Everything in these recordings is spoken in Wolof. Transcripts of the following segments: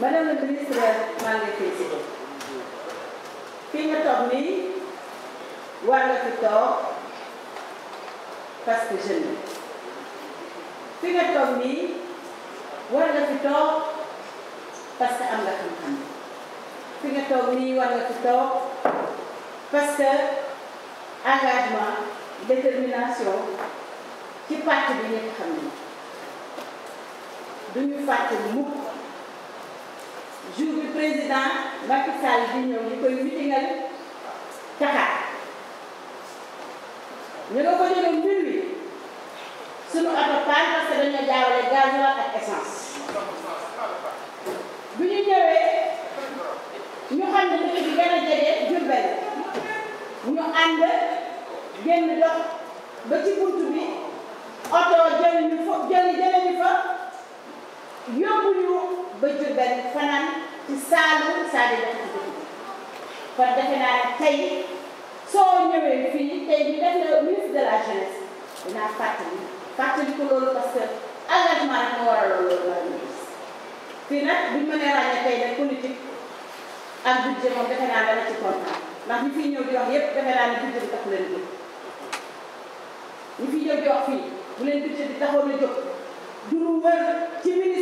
madame la ministre maa ngi félicité fii nga toog nii war nga fi toog parce que fi nga toog nii war nga fi toog parce am nga fi nga toog nii war nga fi toog parce que engagement détermination ci parti bi ñëpp xam ni duñu fàtte mukk jour bi président Macky Sall di ñëw ñu koy mitingal Dakar ñu nga ko jëlee minuit suñu oto paan parce que dañoo jaawale gasoil ak essence bu ñu ñëwee ñu xam ne dëkk bi gën a jege Jurbel ñu ànd génn dox ba ci buntu bi oto jëlee ñu fa jëlee ñu fa yóbbu ñu. ba Diourbel fanaan ci saalu saa di def ci kon defe naa ne tey soo ñëwee fii tey ñu def la ministre de la jeunesse dinaa fàttali fàttali ko loolu parce que engagement rek moo waraloon loolu la ministre fii bu ñu mënee ràññee tey nag politique ak budget moom defe naa dana ci kontaan ndax ñu fiy ñëw di wax yépp defe naa ne budget bi taxu leen jóg ñu fiy ñëw di wax bu leen budget bi taxoon na jóg ci ministre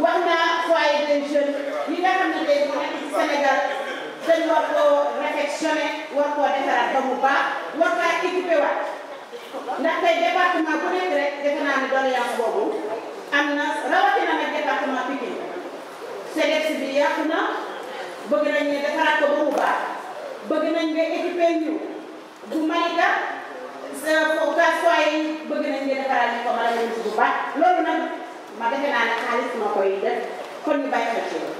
wax naa foyer des jeunes yi nga xam ne tey moo nekk ci Sénégal dañ war koo réfectionné war koo defaraat ba mu baax war kaa équipé waat ndax tey département bu nekk rek defe naa ne doléance boobu am na rawatina nag département Pikine CDEPS bi yàqu na bëgg nañ ne defaraat ko mu baax bëgg nañ nga équipé ñu bu Malika gaspoirs yi bëgg nañ nga ko mën a bu baax loolu nag ma defe naa ne xaalis ma koy def kon ñu bàyyi ko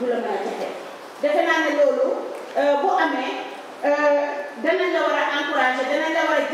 du la mën a joxe defe boo euh, amee euh, danañ la war a encouragé danañ la war a